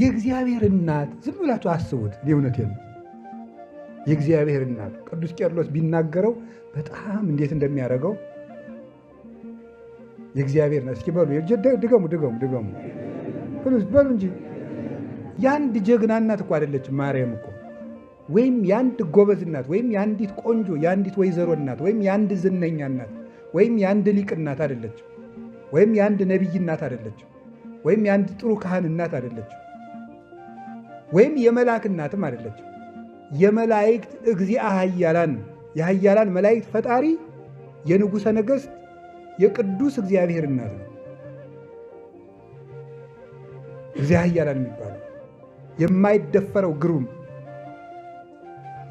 የእግዚአብሔር እናት ዝም ብላችሁ አስቡት። እውነት ነው። የእግዚአብሔር እናት ቅዱስ ቄርሎስ ቢናገረው በጣም እንዴት እንደሚያደርገው የእግዚአብሔር ናት። እስኪ በሉ ድገሙ፣ ድገሙ፣ ድገሙ በሉ እንጂ የአንድ ጀግና እናት እኮ አይደለችም ማርያም እኮ ወይም የአንድ ጎበዝ እናት ወይም የአንዲት ቆንጆ የአንዲት ወይዘሮ እናት ወይም የአንድ ዝነኛ እናት ወይም የአንድ ሊቅ እናት አይደለችም። ወይም የአንድ ነቢይ እናት አይደለችም። ወይም የአንድ ጥሩ ካህን እናት አይደለችም። ወይም የመላክ እናትም አይደለችም። የመላእክት እግዚአ ኃያላን የኃያላን መላእክት ፈጣሪ የንጉሠ ነገሥት የቅዱስ እግዚአብሔር እናት ነው። እግዚአ ኃያላን የሚባለው የማይደፈረው ግሩም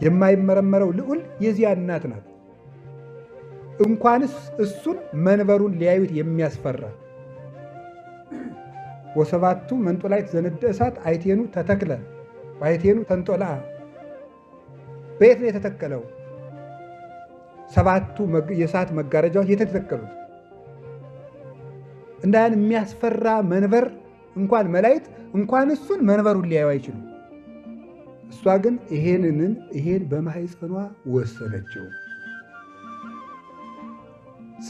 የማይመረመረው ልዑል የዚያ እናት ናት። እንኳንስ እሱን መንበሩን ሊያዩት የሚያስፈራ ወሰባቱ መንጦላይት ዘነደ እሳት አይቴኑ ተተክለ ባይቴኑ ተንጦላ በየት ነው የተተከለው? ሰባቱ የሰዓት መጋረጃዎች የት የተተከሉት? እንዳያን የሚያስፈራ መንበር እንኳን መላይት እንኳን እሱን መንበሩን ሊያዩ አይችሉም። እሷ ግን ይሄንንን ይሄን በማህፀኗ ወሰነችው።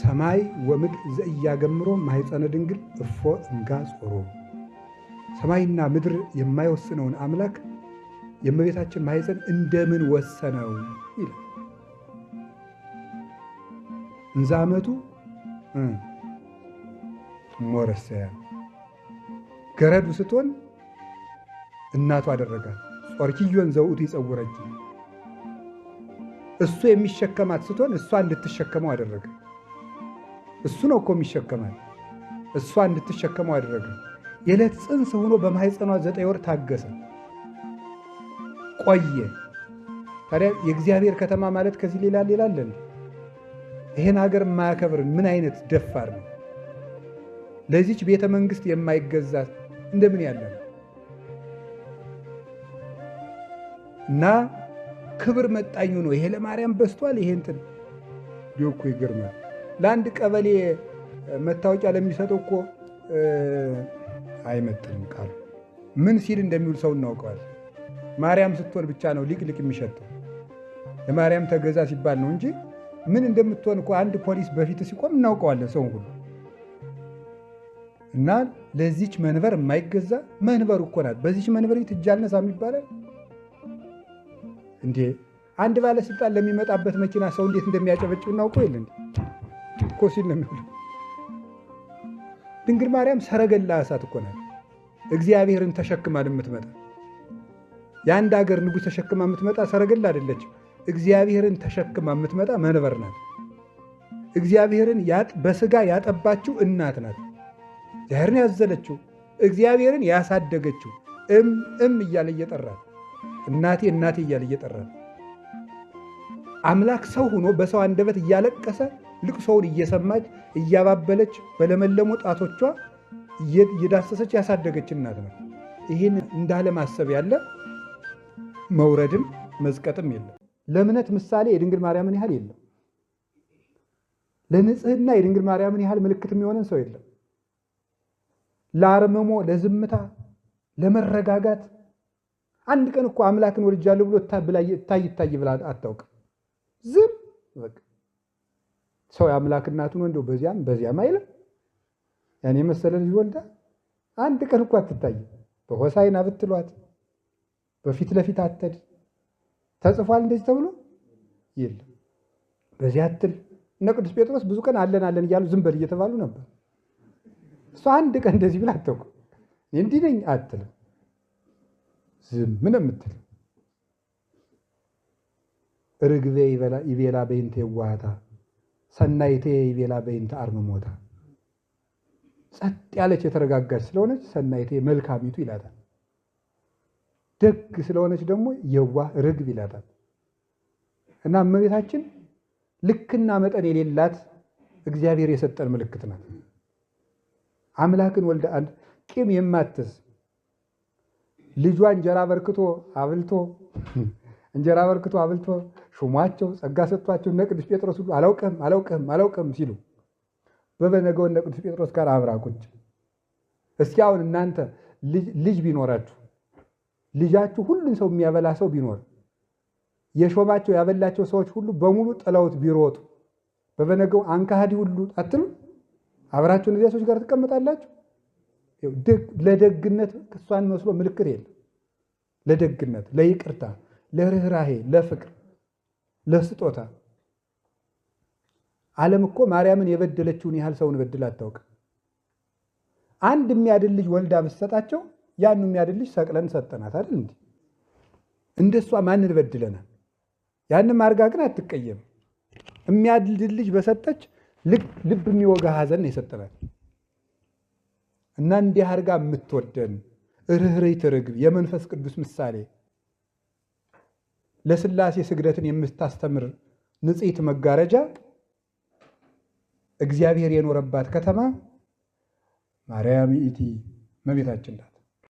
ሰማይ ወምድር ዘእያገምሮ ማህፀነ ድንግል እፎ እንጋ ጾሮ ሰማይና ምድር የማይወስነውን አምላክ የእመቤታችን ማኅፀን እንደምን ወሰነው ይላል። እንዛ ዓመቱ ሞረሰያ ገረዱ ስትሆን እናቱ አደረጋት። ጾርኪዮን ዘውቱ ይጸውረች እሱ የሚሸከማት ስትሆን እሷ እንድትሸከመው አደረገ። እሱ ነው እኮ የሚሸከማት፣ እሷ እንድትሸከመው አደረገ። የዕለት ጽንስ ሆኖ በማኅፀኗ ዘጠኝ ወር ታገሰ። ቆየ። ታዲያ የእግዚአብሔር ከተማ ማለት ከዚህ ሌላ ሌላ አለን? ይህን ሀገር የማያከብር ምን አይነት ደፋር ነው? ለዚች ቤተ መንግስት የማይገዛ እንደምን ያለ ነው? እና ክብር መጣኙ ነው። ይሄ ለማርያም በስቷል። ይሄ እንትን ዲኮ ይገርማል። ለአንድ ቀበሌ መታወቂያ ለሚሰጠው እኮ አይመጥንም ቃሉ ምን ሲል እንደሚውል ሰው እናውቀዋል። ማርያም ስትሆን ብቻ ነው ሊቅ ሊቅ የሚሸጠው። ለማርያም ተገዛ ሲባል ነው እንጂ ምን እንደምትሆን እኮ አንድ ፖሊስ በፊት ሲቆም እናውቀዋለን ሰው ሁሉ እና ለዚች መንበር የማይገዛ መንበር እኮ ናት። በዚች መንበር ቤት እጅ አልነሳም ይባላል እንዴ? አንድ ባለስልጣን ለሚመጣበት መኪና ሰው እንዴት እንደሚያጨበጭብ እናውቀው የለ እኮ ሲል ነው የሚውለው። ድንግል ማርያም ሰረገላ እሳት እኮ ናት። እግዚአብሔርን ተሸክማል የምትመጣ የአንድ ሀገር ንጉሥ ተሸክማ የምትመጣ ሰረገላ አይደለች። እግዚአብሔርን ተሸክማ የምትመጣ መንበር ናት። እግዚአብሔርን በስጋ ያጠባችው እናት ናት። እግዚአብሔርን ያዘለችው፣ እግዚአብሔርን ያሳደገችው እም እም እያለ እየጠራት እናቴ እናቴ እያለ እየጠራት አምላክ ሰው ሆኖ በሰው አንደበት እያለቀሰ ልቅሶውን እየሰማች እያባበለች በለመለሙ ጣቶቿ እየዳሰሰች ያሳደገች እናት ነው። ይህን ማሰብ ያለ መውረድም መዝቀጥም የለም። ለእምነት ምሳሌ የድንግል ማርያምን ያህል የለም። ለንጽህና የድንግል ማርያምን ያህል ምልክት የሚሆነን ሰው የለም። ለአርመሞ፣ ለዝምታ፣ ለመረጋጋት አንድ ቀን እኮ አምላክን ወልጃለሁ ብሎ እታይ ይታይ ብላ አታውቅም። ዝም በቃ ሰው የአምላክ እናቱን ወንዶ በዚያም በዚያም አይልም። ያኔ የመሰለ ልጅ ወልዳ አንድ ቀን እኮ አትታይም። በሆሳይና ብትሏት በፊት ለፊት አትል ተጽፏል እንደዚህ ተብሎ የለም። በዚህ አትል እነ ቅዱስ ጴጥሮስ ብዙ ቀን አለን አለን እያሉ ዝም በል እየተባሉ ነበር። እሱ አንድ ቀን እንደዚህ ብላ አተኩ እንዲህ ነኝ አትል ዝም ምን የምትል ርግቤ ይቤላ በይንተ የዋሃታ ሰናይቴ ይቤላ በይንተ አርምሞታ ጸጥ ያለች የተረጋጋች ስለሆነች ሰናይቴ መልካሚቱ ይላታል። ደግ ስለሆነች ደግሞ የዋህ ርግብ ይላታል። እና እመቤታችን ልክና መጠን የሌላት እግዚአብሔር የሰጠን ምልክት ናት። አምላክን ወልዳ ቂም የማትዝ ልጇ እንጀራ በርክቶ አብልቶ እንጀራ በርክቶ አብልቶ ሹሟቸው ጸጋ ሰጥቷቸው እነ ቅዱስ ጴጥሮስ ሁሉ አላውቅህም አላውቅህም አላውቅህም ሲሉ በበነገው እነ ቅዱስ ጴጥሮስ ጋር አብራ ቁጭ እስኪ አሁን እናንተ ልጅ ቢኖራችሁ ልጃችሁ ሁሉን ሰው የሚያበላ ሰው ቢኖር የሾማቸው ያበላቸው ሰዎች ሁሉ በሙሉ ጥለውት ቢሮጡ በበነገው አንካሃዲ ሁሉ አትሉ አብራችሁን እዚያ ሰዎች ጋር ትቀምጣላችሁ። ለደግነት እሷን መስሎ ምልክት የለም። ለደግነት፣ ለይቅርታ፣ ለርኅራሄ፣ ለፍቅር፣ ለስጦታ ዓለም እኮ ማርያምን የበደለችውን ያህል ሰውን በድል አታውቅም። አንድ የሚያድል ልጅ ወልዳ ብትሰጣቸው ያን የሚያድልሽ ሰቅለን ሰጠናት አይደል እንዴ? እንደሷ ማንን በድለናል? ያንም ግን አትቀየም። የሚያድል ልጅ በሰጠች ልብ የሚወጋ ሀዘን የሰጠናል እና እንዲህ አርጋ የምትወደን ርኅርኅት ርግብ የመንፈስ ቅዱስ ምሳሌ ለስላሴ ስግደትን የምታስተምር ንጽሕት መጋረጃ እግዚአብሔር የኖረባት ከተማ ማርያም ኢቲ እመቤታችን ናት።